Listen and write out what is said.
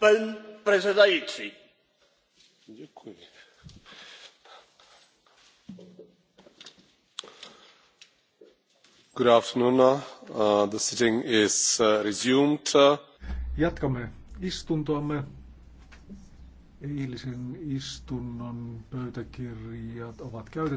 Uh, is uh, resumed. jatkamme istuntoamme. eilisen istunnon pöytäkirjat ovat käytettävissä.